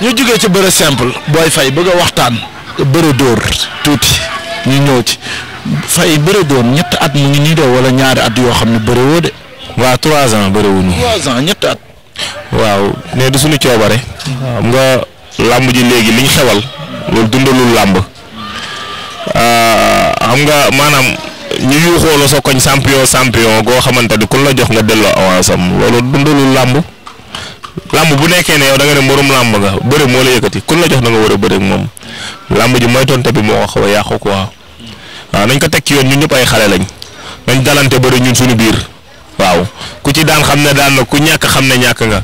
ñu jógee ci bëre simple booy fay bëgg a waxtaan bëre dóor tuuti ñu ñëw ci fay bëre dóor ñett at mu ngi nii de wala ñaari at yoo xam ne bëre woo de. waaw trois ans bëre wu ñu. trois ans ñett at. waaw ne du suñu coobare. xam nga làmb ji léegi liñ xewal. loolu dundalul làmb. Ah, xam nga maanaam ñu yuuxoo la sa goo xamante ni ku la jox nga delloo avance am loolu dundalul làmb. làmb bu nekkee ne yow da nga ne morom làmb nga bëri moo la yëkkati kun la jox da nga war a bëri moom làmb ji mooy tonte bi moo ko xaw a yàqu quoi waaw nañ ko teg ci yoon ñun ñëpp ay xale lañ nañ dalante bëri ñun suñu biir waaw ku ci daan xam ne daan na ku ñàkk xam ne ñàkk nga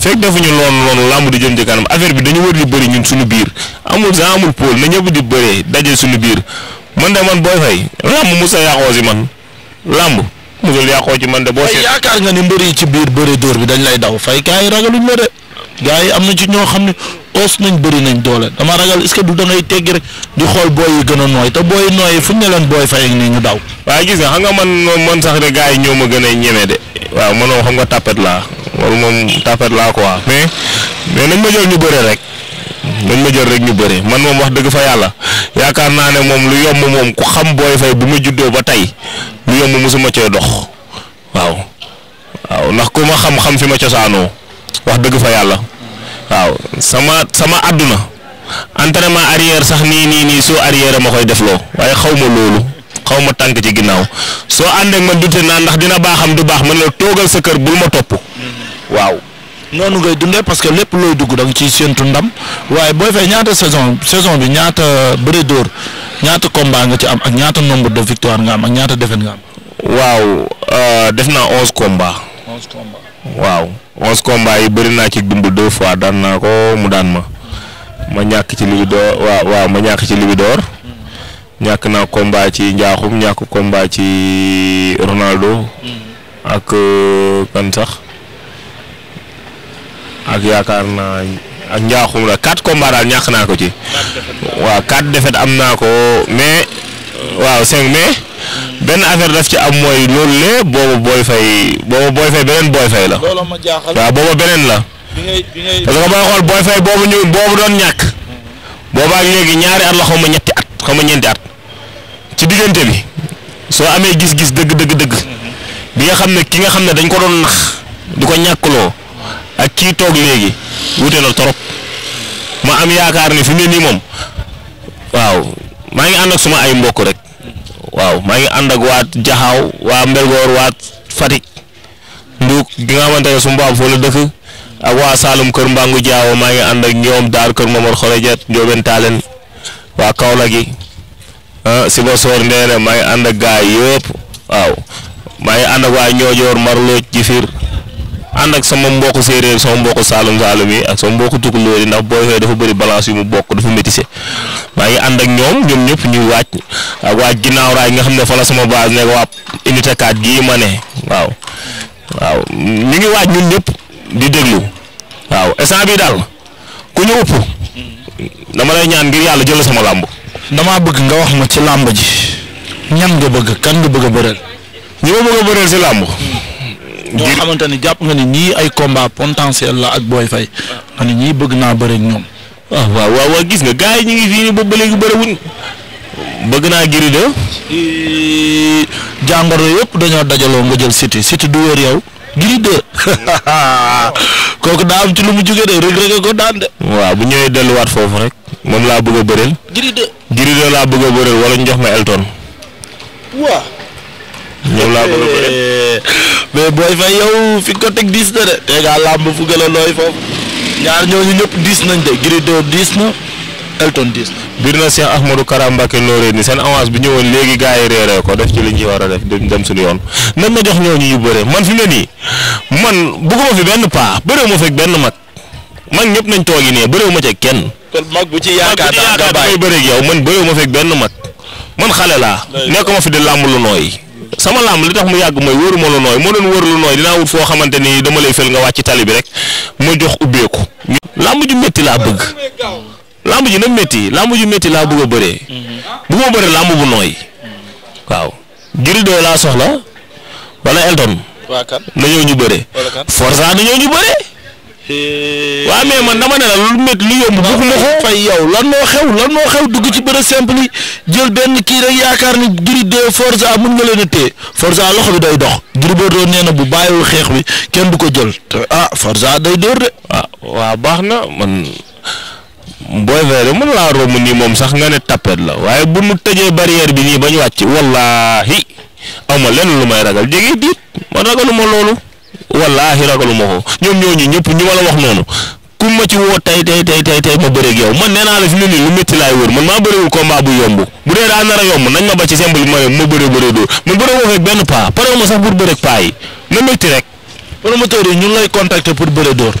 fekk defuñu loolu loolu làmb di jëm kanam affaire bi dañu war di bëri ñun suñu biir amul sa amul pôle na ñëpp di bëree daje suñu biir man de man boo fay làmb Moussa yàqoo si man làmb mu musul yàqoo ci man de boo. yaakaar nga ni mbër yi ci biir bëri dóor bi dañ lay daw fay gars yi ragaluñ la de. gaa yi am na ci ñoo xam ne os nañ bëri nañ doole dama ragal est-ce que du da teggi rek di xool booy yi gën a nooy te booy yi nooy fu ñu ne leen booy fay ak nii ñu daw. waaye gis nga xam nga man man sax de gaa yi ñëw ma gën a ñeme de. waaw man mënoo xam nga tapet laa loolu moom tapet laa quoi. mais mais nañ ma jël ñu bëre rek. nañ ma jël rek ñu bëre man moom wax dëgg fa yàlla yaakaar naa ne moom lu yomb moom ku xam booy fay bu ma juddoo ba tey lu su ma cee dox waaw waaw ndax ko ma xam-xam fi ma cosaanoo wax dëgg fa yàlla waaw sama sama àdduna entraînement arrière sax nii nii nii soo arrière ma koy def loo waaye xaw ma loolu xaw ma tànk ci ginnaaw soo ànd ak ma dute naa ndax dina baax am du baax man la toogal sa kër bul ma topp waaw. noonu ngay dundee parce que lépp looy dugg da ci ciy séentu ndam waaye booy fay ñaata saison saison bi ñaata bëre dóor ñaata combat nga ci am ak ñaata nombre de am ñaata défaite am. waaw euh, def naa onze combats. waaw onze combats yi bëri naa ci dumb deux fois daan naa ko mu daan ma. ma ñàkk ci libidoor waaw waaw ma ñàkk ci libidoor. ñàkk naa komba ci njaaxum ñàkk combat ci Ronaldo. Mm-hmm. ak euh, kan ak yaakaar naa ak njaaxum la quatre combats daal ñàkk naa ko ci. waaw quatre défaites am naa ko mais waaw cinq mais. benn affaire daf ci am mooy loolu lee booba booy fay booba booy fay beneen booy fay la. looloo ma jaaxal waaw booba beneen la. bi ngay bi ngay parce que booy xool booy fay boobu ñu boobu doon ñàkk. boobaak léegi ñaari at la xaw ma ñetti at xaw ma ñeenti at ci diggante bi soo amee gis-gis dëgg dëgg dëgg bi nga xam ne ki nga xam ne dañ ko doon nax di ko ñàkkloo ak kii toog léegi wute na torop ma am yaakaar ne fi mu ne nii moom waaw maa ngi ànd ak suma ay mbokk rek. waaw maa ngi ànd ak waat jaxaw waa Mbelgoor waat Fatick Nduuk gi nga xamante ne su mbaam foo la dëkk ak waa Saalum kër Mbangu Jaaw maa ngi ànd ak ñoom daar kër Momar Xorejet Njoobeen Taalen waa Kaolack gi ah Sibassor Ndeene maa ngi ànd ak gaay yëpp waaw maa ngi ànd ak waa Ñoojoor Marlooj Jifir ak sama mbokku séeréer sama mbokku Saalum Saalum yi ak sama mbokku tukulóor yi ndax booy xëy dafa bëri maa ngi ànd ñoom ñoom ñëpp ñuy wàcc ak waa ginnaaw raay nga xam ne fa la sama base nekk waa unité 4 gii ma ne waaw waaw ñu ngi waaj ñun lépp di déglu waaw instant bi daal ku ñu ëpp dama lay ñaan ngir yàlla jël sama làmb damaa bëgg nga wax ma ci làmb ji ñan nga bëgg kan nga bëgg a bëreel ñi ma bëgg a bëreel si làmb ñoo xamante ni jàpp nga ni ñii ay combat potentiel la ak Boy Faye nga ñii bëgg naa bëre ñoom waaw waaw waaw gis nga gars yi ngi fii nii ba léegi bëre bëgg naa Gris 2 jàngoro yëpp dañoo dajaloo nga jël Siteu Siteu du wër yow Gris kooku daa am ci lu mu jógee de rek rek ko daan de. waaw bu ñëwee delluwaat foofu rek moom laa bëgg a bëreel. Gris 2 laa bëgg a bëreel wala ñu jox ma Elton. waaw. laa bëgg a mais booy fay yow fi ko teg diis na de. tey ngaa làmb fu gën a nooy foofu. ñaar ñooñu ñëpp diis nañ de Gris diis na. Elton Diis biir na Cheikh Ahmadou Kara Mbacké loolee ni seen avance bi ñëwoon léegi gars yi réeree ko def ci li ñu ci war a def dem suñu yoon nañ ma jox ñooñu yu bëre man fi mu ne nii man bugguma fi benn paa bëreewu ma fekk benn mag mag ñëpp nañ toogi nee bëreewu ma ci kenn. kon ci yaakaar daa bàyyi bëre ak yow man bëreewu ma fekk benn mag man xale laa. nekk ma fi di làmb lu nooy. sama làmb li tax mu yàgg mooy waruma lu nooy moo doon wër lu nooy dinaa wut foo xamante ni dama lay fël nga wàcc tali bi rek ma jox ubbeeku. làmb ju métti laa bëgg lamb ji na métti lamb ji métti laa bugg a bëree. Mhm. bu ma bëree lamb bu nooy. waaw Gris 2 laa soxla wala Elton. waa kan na ñu bëree. wala kan Forza ñu bëree. waa mais man dama ne la lu métti lu yomb. bëgg ma fay yow lan moo xew lan moo xew dugg ci bëre simple yi jël benn kii rek yaakaar ni Gris 2 Forza mun nga leen a téye loxo bi day dox. Gris nee na bu bàyyiwul xeex bi kenn bu ko jël ah Forza day dóor de. ah waa baax na man. booy verre mën laa romb nii moom sax nga ne tapet la waaye bu nu tëjee barrière bi nii ba ñu wàcc wallaahi ama lenn lu may ragal jege diit ma ragaluma loolu wallaahi ragaluma ko ñoom ñu ñëpp ñu ma la wax noonu ku ma ci woo tey tey tey tey tey ma bëreeg yow man nee naa la fi mu ne nii lu métti laay wër man maa bëreewul combat bu yomb bu dee daa nar a yomb nañ ma ba ci simple ma ma bëree bëree dóor man bëree woo fekk benn paa pare ma sax pour bëreeg paa yi na métti rek promoteur yi lay contacter pour bëre dóor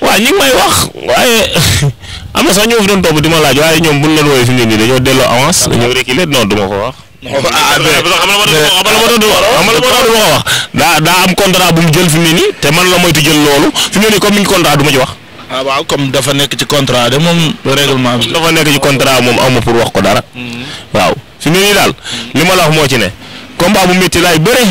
waaw ñu ngi am na sax ñoo fi doon topp di ma laaj waaye ñoom bu ñu leen woowee fi dañoo delloo avance ah. dañoo ma ko wax. ah, ah, ah mais wax daa daa am contrat bu mu jël fi mu ne nii te man la moytu jël loolu fi mu ne nii comme ni contrat du ma ci wax. ah waaw comme dafa nekk ci contrat de moom règlement bi. dafa nekk ci contrat moom amu pour wax ko dara. Mm. waaw fi mu daal li ma la wax moo ci ne. combat bu métti laay bëre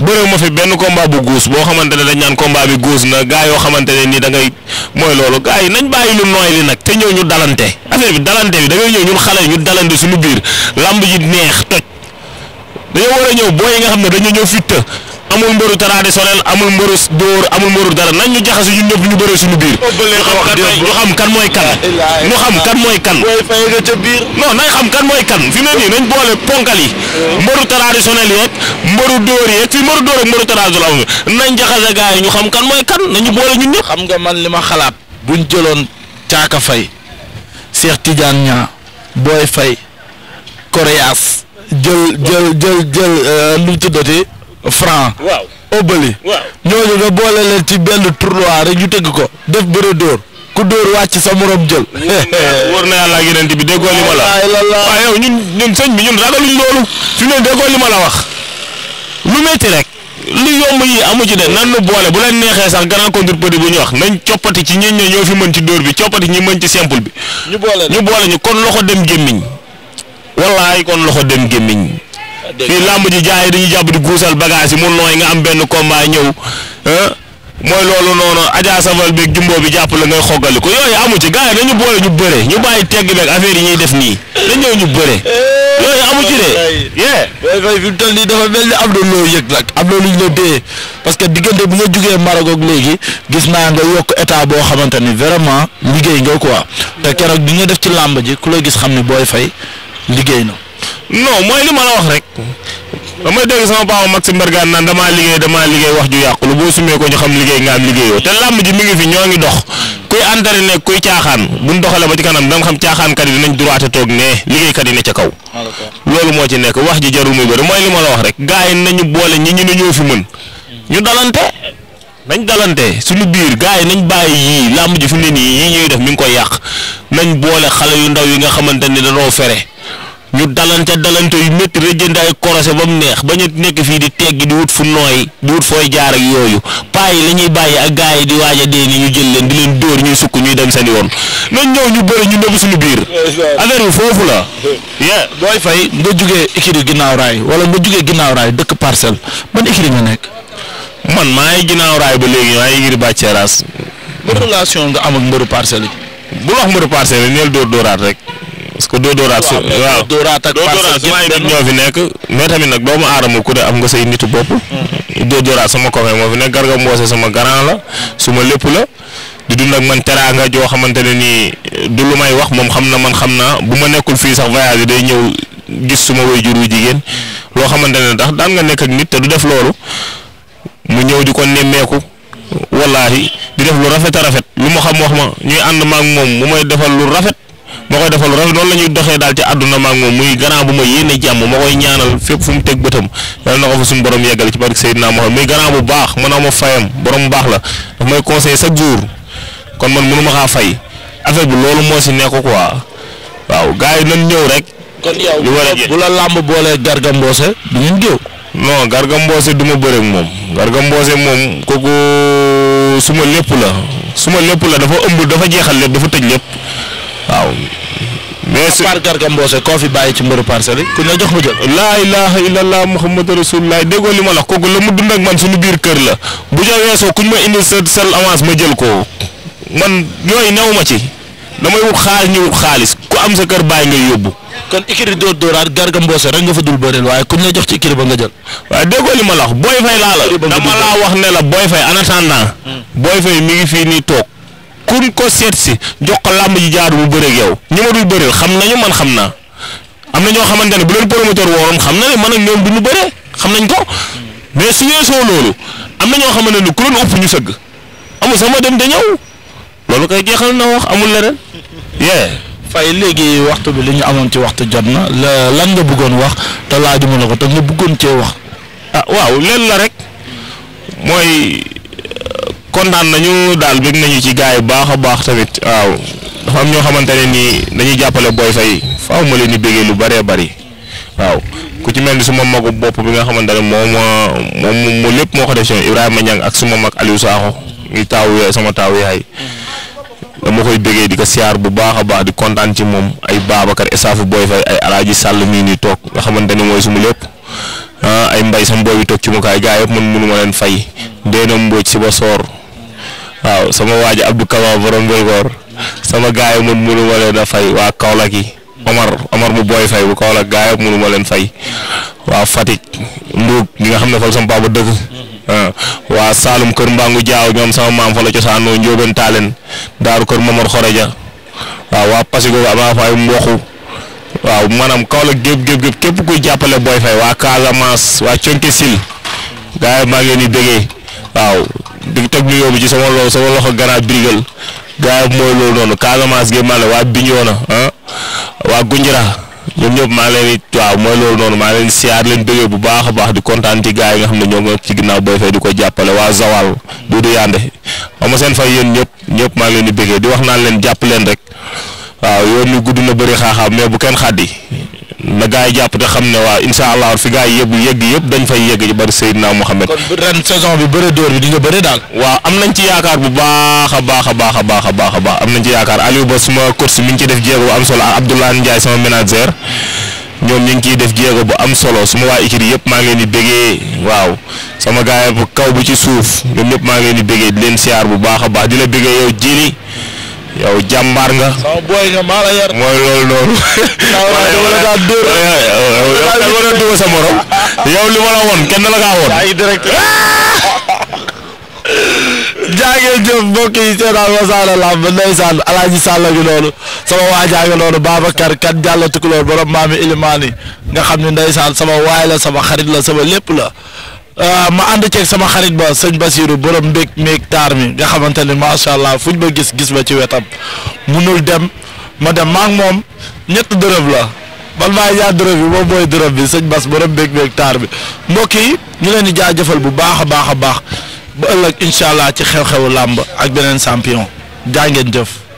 bëre ma fi benn combat bu guus boo xamante ne dañ ñaan combat bi guus na gaa yoo xamante ne nii da ngay mooy loolu gaa yi nañ bàyyi lu nooy li nag te ñëw ñu dalante affaire bi dalante bi da ngay ñëw ñun xale ñu dalante suñu biir lamb ji neex toj dañoo war a ñëw booy yi nga xam ne dañoo ñëw fitta amul mbëru taraade sorel amul mbëru dóor amul mbëru dara nañ ñu jaxase ñun ñëpp ñu bëre suñu biir ñu xam kan mooy kan ñu xam kan mooy kan non nañ xam kan mooy kan fi mu ne nii nañ boole ponkal yi mbëru taraade sorel yeeg mbëru dóor yeeg fii mbëru dóor ak mbëru taraade sorel amul nañ jaxase gars yi ñu xam kan mooy kan nañu boole ñun ñëpp xam nga man li ma xalaat buñ jëloon caaka fay Cheikh Tidiane ñaa booy fay koréas jël jël jël jël lu euh, tuddati franc. waaw obali. waaw ñooñu nga boole leen ci benn tournoi rek ñu tëgg ko def bëre dóor ku dóor wàcc sa morom jël. wóor na yàlla ak yeneen bi déggoo la. waaw yow ñun ñun sëñ bi ñun ragaluñ loolu. fi mu ne déggoo li ma la wax lu métti rek. lu yomb yi amu ci de nan nu boole bu leen neexee sax grand contre petit bu ñu wax nañ coppati ci ñi ñoo fi mën ci dóor bi coppati ñi mën ci simple bi. ñu boole ñu kon loxo dem gémmiñ wallaay kon loxo dem gémmiñ fii làmb ji jaay dañuy jàpp di guusal bagage yi mu nooy nga am benn combat ñëw mooy loolu noonu Adja Saval beeg jumbo bi jàpp la ngay xogali ko yooyu amu ci gaa yi dañu boole ñu bëre ñu bàyyi tegg beeg affaire yi ñuy def nii ñëw ñu bëre eh, yooyu amu ci de. yee. mel ni am na loo yëg nag ñu la parce que diggante bu nga jugee maragook léegi gis naa nga yokk état boo xamante ni vraiment liggéey nga quoi te keroog bi nga def ci làmb ji ku la gis xam ni booy fay liggéey na. non mooy li ma la wax rek damay dégg sama papa Maxime Bergane naan damaa liggéey damaa liggéey wax ju yàqulu boo sumee ko ñu xam liggéey nga am liggéeyoo te làmb ji mi ngi fi ñoo ngi dox kuy antari ne kuy caaxaan buñ doxalee ba ci kanam danga xam caaxaankat yi dinañ droité toog ne liggéeykat yi ne ca kaw. loolu moo ci nekk wax ji jarul muy bëri mooy li ma la wax rek gaa yi nañu boole ñi ñu ne ñoo fi mën ñu dalante nañ dalante suñu biir gaa yi nañu bàyyi làmb ji fi mu ne nii def mi ngi koy yàq nañ boole xale yu ndaw yi nga xamante ne dañoo fere ñu dalante dalante yu métti rëjjënd ay korose ba mu neex ba ñu nekk fii di teggi di wut fu nooy di wut fooy jaar ak yooyu paa yi ñuy bàyyi ak gaa yi di waaj a dee ni ñu jël leen di leen dóor ñuy sukk ñuy dem seen yoon nañ ñëw ñu bëri ñu nëbb suñu biir affaire foofu la. yeah booy fay nga jóge écurie ginnaaw raay wala nga jugee ginnaaw raay dëkk parcelle ban écurie nga nekk. man maa ngi ginnaaw raay ba léegi maa ngi ngir bàcceeraas. Mm-hmm. relation nga am ak mbëru parcelle yi. bu wax mbëru parcelle yi neel rek parce que doo dooraat su waaw dooraat ak parce que ñoo fi nekk mais tamit nag doomu aadama ku ne am nga say nitu bopp. Mm-hmm. doo dooraat sama copain moo fi nekk Garga sama grand la suma lépp la di dund ak man teraanga joo xamante ne nii du lu may wax moom xam na man xam naa bu ma nekkul fii sax voyage day ñëw gis suma waajur wu jigéen loo xamante ne ndax daan nga nekk ak nit te du def loolu mu ñëw di ko nemmeeku wallaahi di def lu rafet a rafet lu ma xam wax ma ñuy ànd ma koy defal rafet noonu la ñuy doxee daal ci àdduna maag moom muy grand bu ma yéene jàmm ma koy ñaanal fépp fu mu teg bëtam yal na ko fa suñu borom yeggale ci barke Seydina Muhammad muy grand bu baax mën a ma fayam borom baax la daf may conseil chaque jour kon man mënu ma kaa fay affaire bi loolu moo si nekku quoi waaw gars yi nañ ñëw rek. kon yow bu la làmb boolee Garga Mbossé du ngeen géew. non Garga Mbossé du ma bëre ak moom Garga Mbossé moom kooku suma lépp la suma lépp la dafa ëmb dafa jeexal lépp dafa tëj lépp mais su par Garga Mbossé koo fi bàyyi ci mbëru parcelles yi ku la jox mu jël. laa ilaha illallah muhammadu rasulullah déggoo li ma la biir kër la bu ca ma ko man yooyu new ma ci damay wut xaalis ñu wut xaalis am sa kër bàyyi ngay yóbbu. kon ikiri dóor dóoraat Garga Mbossé fa dul waaye kuñ la jox ci ikiri ba nga jël. ma la wax booy fay laa la. dama laa wax ne la booy fay en attendant. Hmm. booy fay mi ngi fii nii toog. kuñ ko seet si jox ko làmb ji jaadu bu bëreeg yow ñi ma dul bëreel xam nañu man xam naa am na ñoo xamante ne bu leen promoteur wooroon xam na ne man ak ñoom du ñu bëree xam nañ ko mais su soo loolu am na ñoo xamante ne ku leen ëpp ñu sëgg amul sama dem da ñëw loolu koy jeexal na wax amul leneen yee. fay léegi waxtu bi li ñu amoon ci waxtu jot na la lan nga buggoon wax te laajuma na ko te nga bëggoon cee wax. ah waaw len la rek mooy. kontaan nañu daal bëgg nañu ci gaa yi baax a baax tamit waaw dafa am ñoo xamante ne nii dañuy jàppale booy Faye faa ma leen di bëggee lu bëree bëri waaw ku ci mel ni suma magu bopp bi nga xamante ne moom moom lépp moo ko def si Ibrahima Niang ak suma mag Aliou Sakho ngi taaw yaay sama taaw yaay dama koy bëggee di ko siyaar bu baax a baax di kontaan ci moom ay Babacar Esaafu Boy Faye ay Alaaji Sàll mii nii toog nga xamante ne mooy suma lépp ah, ay mbay sama booy bi toog ci ma kaay gars yëpp man mënu ma leen fay déenam mbooj si ba soor waaw sama waa ji Abdou Kaba Belgoor sama gaay yi man leen fay waa Kaolack yi Omar Omar mu booy fay bu Kaolack gaay yi mënu leen fay waa Fatick Mbuur ñi nga xam ne fa sama papa dëkk ah, waa Saalum kër Mbangu Jaaw ñoom sama maam fa la cosaanoo Njóobeen Taaleen Daaru kër Momar Xoreja waaw waa Pasigo amaa fay mboxu waaw maanaam Kaolack gépp gépp képp kuy jàppale booy fay waa Casamance waa Conke Sil gaay maa ngi di déggee waaw di teg ñu yóbbu ci sama lo sama loxo Gana Birigal gaa mooy loolu noonu Casamance gi maa la waa Bignona ah, waa Gunjira ñoom ñëpp maa leen it mooy loolu noonu maa leen siyaar leen bëggee bu baax a baax di kontaan ci gaa yi nga xam ne ñoo ngi ci ginnaaw Boy Faye di ko jàppale waa Zawal du du yande xam seen fa yéen ñëpp ñëpp maa leen di bëggee di wax naan leen jàpp leen rek waaw yoon wi gudd na bëri xaaxaam mais bu kenn xaddi na gaa yi jàpp te xam ne waa incha allah fi gaa yi yëpp yëgg yëpp dañ fay yëgg ci bari Seydina Mohamed. kon ren saison bi bëre dóor bi di nga bëre daal. waaw am nañ ci yaakaar bu baax a baax a baax a baax a baax a baax am nañ ci yaakaar Aliou Ba suma coach mi def jéego bu am solo Abdoulaye Ndiaye sama manager ñu ngi ciy def jéego bu am solo suma waa équipe yëpp maa ngi leen di bégee waaw sama gaa yi bu kaw bu ci suuf ñoom ñëpp maa ngeen leen di bégee di leen siyaar bu baax a baax di la bégee yow yow jàmbaar nga. sama booy nga maa la yar. mooy loolu noonu. waaw yow la kaa dóor. yow sa morom. yow li ma la woon kenn la kaa woon. jaage jëf mbokk yi seetaan Wassare Lamb ndeysaan Alaaji Sall gi noonu sama waa jaage noonu Babacar kat jàll tukulóor borom maami ilimaani nga xam ne ndeysaan sama waay la sama xarit la sama lépp la Euh, ma ànd ceeg sama xarit ba sëñ Basiirou borom mbég méeg taar mi nga xamante ne macha allah fuñ ma gis gis ma ci wetam munul dem ma dem maa moom ñett dërëm la man maa ñaar dërëm bi moom mooy dërëm bi sëñ Bas borom mbég méeg taar bi mbokk yi ñu leen di jëfal bu baax a baax a baax ba ëllëg incha allah ci xew-xewu làmb ak beneen champion jaa ngeen jëf.